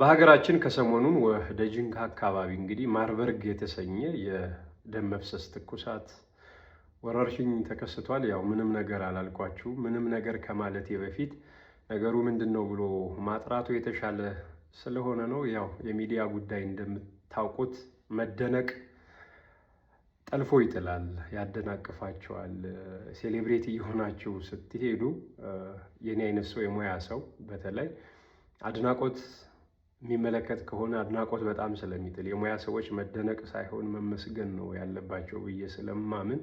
በሀገራችን ከሰሞኑን ወደ ጅንካ አካባቢ እንግዲህ ማርበርግ የተሰኘ የደም መፍሰስ ትኩሳት ወረርሽኝ ተከስቷል። ያው ምንም ነገር አላልኳችሁ። ምንም ነገር ከማለቴ በፊት ነገሩ ምንድን ነው ብሎ ማጥራቱ የተሻለ ስለሆነ ነው። ያው የሚዲያ ጉዳይ እንደምታውቁት መደነቅ ጠልፎ ይጥላል፣ ያደናቅፋቸዋል። ሴሌብሬቲ እየሆናችሁ ስትሄዱ የኔ አይነት ሰው የሙያ ሰው በተለይ አድናቆት የሚመለከት ከሆነ አድናቆት በጣም ስለሚጥል የሙያ ሰዎች መደነቅ ሳይሆን መመስገን ነው ያለባቸው ብዬ ስለማምን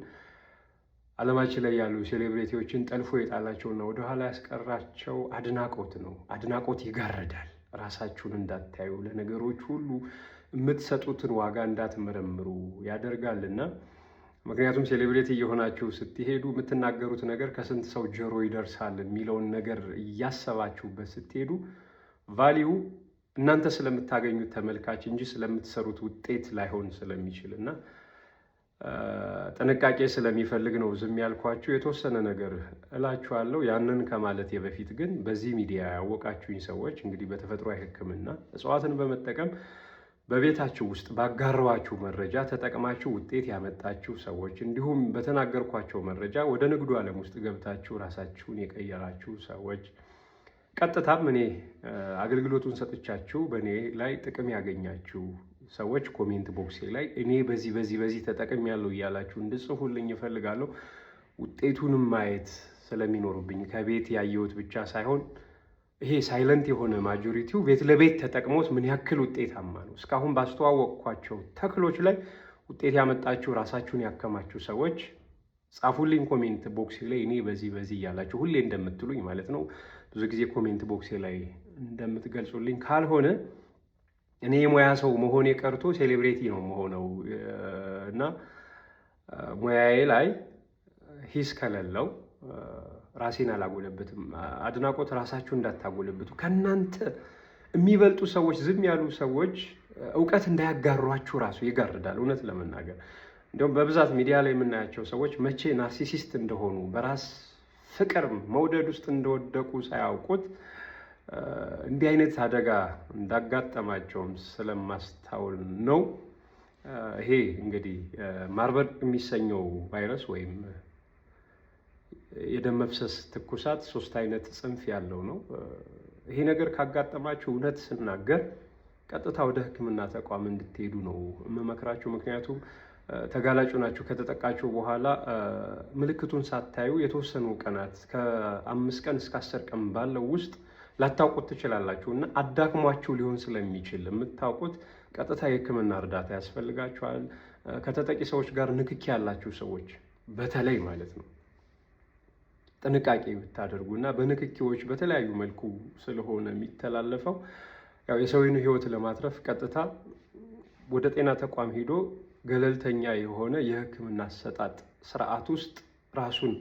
ዓለማችን ላይ ያሉ ሴሌብሬቲዎችን ጠልፎ የጣላቸውና ወደኋላ ያስቀራቸው አድናቆት ነው። አድናቆት ይጋረዳል ራሳችሁን እንዳታዩ፣ ለነገሮች ሁሉ የምትሰጡትን ዋጋ እንዳትመረምሩ ያደርጋልና ምክንያቱም ሴሌብሬቲ እየሆናችሁ ስትሄዱ የምትናገሩት ነገር ከስንት ሰው ጆሮ ይደርሳል የሚለውን ነገር እያሰባችሁበት ስትሄዱ ቫሊዩ እናንተ ስለምታገኙት ተመልካች እንጂ ስለምትሰሩት ውጤት ላይሆን ስለሚችል እና ጥንቃቄ ስለሚፈልግ ነው ዝም ያልኳችሁ። የተወሰነ ነገር እላችኋለሁ። ያንን ከማለት በፊት ግን በዚህ ሚዲያ ያወቃችሁኝ ሰዎች እንግዲህ በተፈጥሯዊ ሕክምና እጽዋትን በመጠቀም በቤታችሁ ውስጥ ባጋረባችሁ መረጃ ተጠቅማችሁ ውጤት ያመጣችሁ ሰዎች እንዲሁም በተናገርኳቸው መረጃ ወደ ንግዱ ዓለም ውስጥ ገብታችሁ ራሳችሁን የቀየራችሁ ሰዎች ቀጥታም እኔ አገልግሎቱን ሰጥቻችሁ በእኔ ላይ ጥቅም ያገኛችሁ ሰዎች ኮሜንት ቦክሴ ላይ እኔ በዚህ በዚህ በዚህ ተጠቅም ያለው እያላችሁ እንድጽፉልኝ እፈልጋለሁ። ውጤቱንም ማየት ስለሚኖርብኝ ከቤት ያየሁት ብቻ ሳይሆን ይሄ ሳይለንት የሆነ ማጆሪቲው ቤት ለቤት ተጠቅሞት ምን ያክል ውጤታማ ነው። እስካሁን ባስተዋወቅኳቸው ተክሎች ላይ ውጤት ያመጣችሁ ራሳችሁን ያከማችሁ ሰዎች ጻፉልኝ ኮሜንት ቦክሴ ላይ እኔ በዚህ በዚህ እያላችሁ ሁሌ እንደምትሉኝ ማለት ነው። ብዙ ጊዜ ኮሜንት ቦክሴ ላይ እንደምትገልጹልኝ ካልሆነ እኔ የሙያ ሰው መሆኔ ቀርቶ ሴሌብሬቲ ነው መሆነው እና ሙያዬ ላይ ሂስ ከሌለው ራሴን አላጎለበትም። አድናቆት ራሳችሁ እንዳታጎለብቱ። ከእናንተ የሚበልጡ ሰዎች፣ ዝም ያሉ ሰዎች እውቀት እንዳያጋሯችሁ ራሱ ይጋርዳል እውነት ለመናገር እንዲሁም በብዛት ሚዲያ ላይ የምናያቸው ሰዎች መቼ ናርሲሲስት እንደሆኑ በራስ ፍቅር መውደድ ውስጥ እንደወደቁ ሳያውቁት እንዲህ አይነት አደጋ እንዳጋጠማቸውም ስለማስታውል ነው። ይሄ እንግዲህ ማርበርግ የሚሰኘው ቫይረስ ወይም የደም መፍሰስ ትኩሳት ሶስት አይነት ጽንፍ ያለው ነው። ይሄ ነገር ካጋጠማችሁ እውነት ስናገር ቀጥታ ወደ ሕክምና ተቋም እንድትሄዱ ነው የምመክራችሁ። ምክንያቱም ተጋላጩ ናችሁ ከተጠቃችሁ በኋላ ምልክቱን ሳታዩ የተወሰኑ ቀናት ከአምስት ቀን እስከ አስር ቀን ባለው ውስጥ ላታውቁት ትችላላችሁ እና አዳክሟችሁ ሊሆን ስለሚችል የምታውቁት ቀጥታ የሕክምና እርዳታ ያስፈልጋችኋል። ከተጠቂ ሰዎች ጋር ንክኪ ያላችሁ ሰዎች በተለይ ማለት ነው ጥንቃቄ ብታደርጉ እና በንክኪዎች በተለያዩ መልኩ ስለሆነ የሚተላለፈው ያው የሰውን ህይወት ለማትረፍ ቀጥታ ወደ ጤና ተቋም ሄዶ ገለልተኛ የሆነ የሕክምና አሰጣጥ ስርዓት ውስጥ ራሱን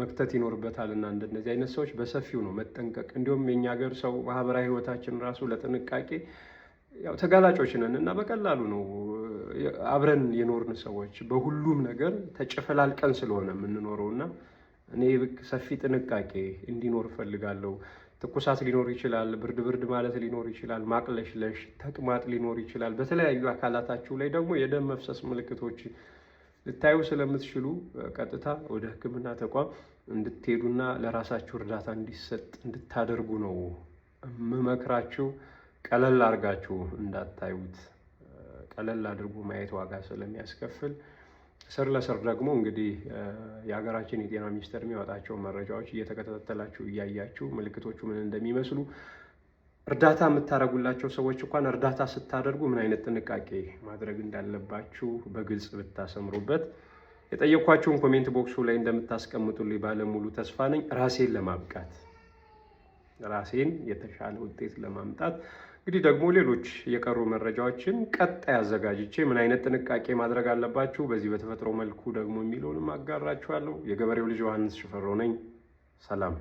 መክተት ይኖርበታል እና እንደነዚህ አይነት ሰዎች በሰፊው ነው መጠንቀቅ። እንዲሁም የኛ ሀገር ሰው ማህበራዊ ህይወታችን ራሱ ለጥንቃቄ ያው ተጋላጮች ነን እና በቀላሉ ነው አብረን የኖርን ሰዎች በሁሉም ነገር ተጨፈላልቀን ስለሆነ የምንኖረው እና እኔ ሰፊ ጥንቃቄ እንዲኖር እፈልጋለሁ። ትኩሳት ሊኖር ይችላል። ብርድ ብርድ ማለት ሊኖር ይችላል። ማቅለሽለሽ፣ ተቅማጥ ሊኖር ይችላል። በተለያዩ አካላታችሁ ላይ ደግሞ የደም መፍሰስ ምልክቶች ልታዩ ስለምትችሉ ቀጥታ ወደ ሕክምና ተቋም እንድትሄዱና ለራሳችሁ እርዳታ እንዲሰጥ እንድታደርጉ ነው የምመክራችሁ። ቀለል አድርጋችሁ እንዳታዩት። ቀለል አድርጎ ማየት ዋጋ ስለሚያስከፍል ስር ለስር ደግሞ እንግዲህ የሀገራችን የጤና ሚኒስቴር የሚያወጣቸውን መረጃዎች እየተከታተላችሁ እያያችሁ ምልክቶቹ ምን እንደሚመስሉ እርዳታ የምታደርጉላቸው ሰዎች እንኳን እርዳታ ስታደርጉ ምን አይነት ጥንቃቄ ማድረግ እንዳለባችሁ በግልጽ ብታሰምሩበት። የጠየኳቸውን ኮሜንት ቦክሱ ላይ እንደምታስቀምጡልኝ ባለሙሉ ተስፋ ነኝ። ራሴን ለማብቃት ራሴን የተሻለ ውጤት ለማምጣት እንግዲህ ደግሞ ሌሎች የቀሩ መረጃዎችን ቀጣይ አዘጋጅቼ ምን አይነት ጥንቃቄ ማድረግ አለባችሁ በዚህ በተፈጥሮ መልኩ ደግሞ የሚለውንም አጋራችኋለሁ። የገበሬው ልጅ ዮሐንስ ሽፈሮ ነኝ። ሰላም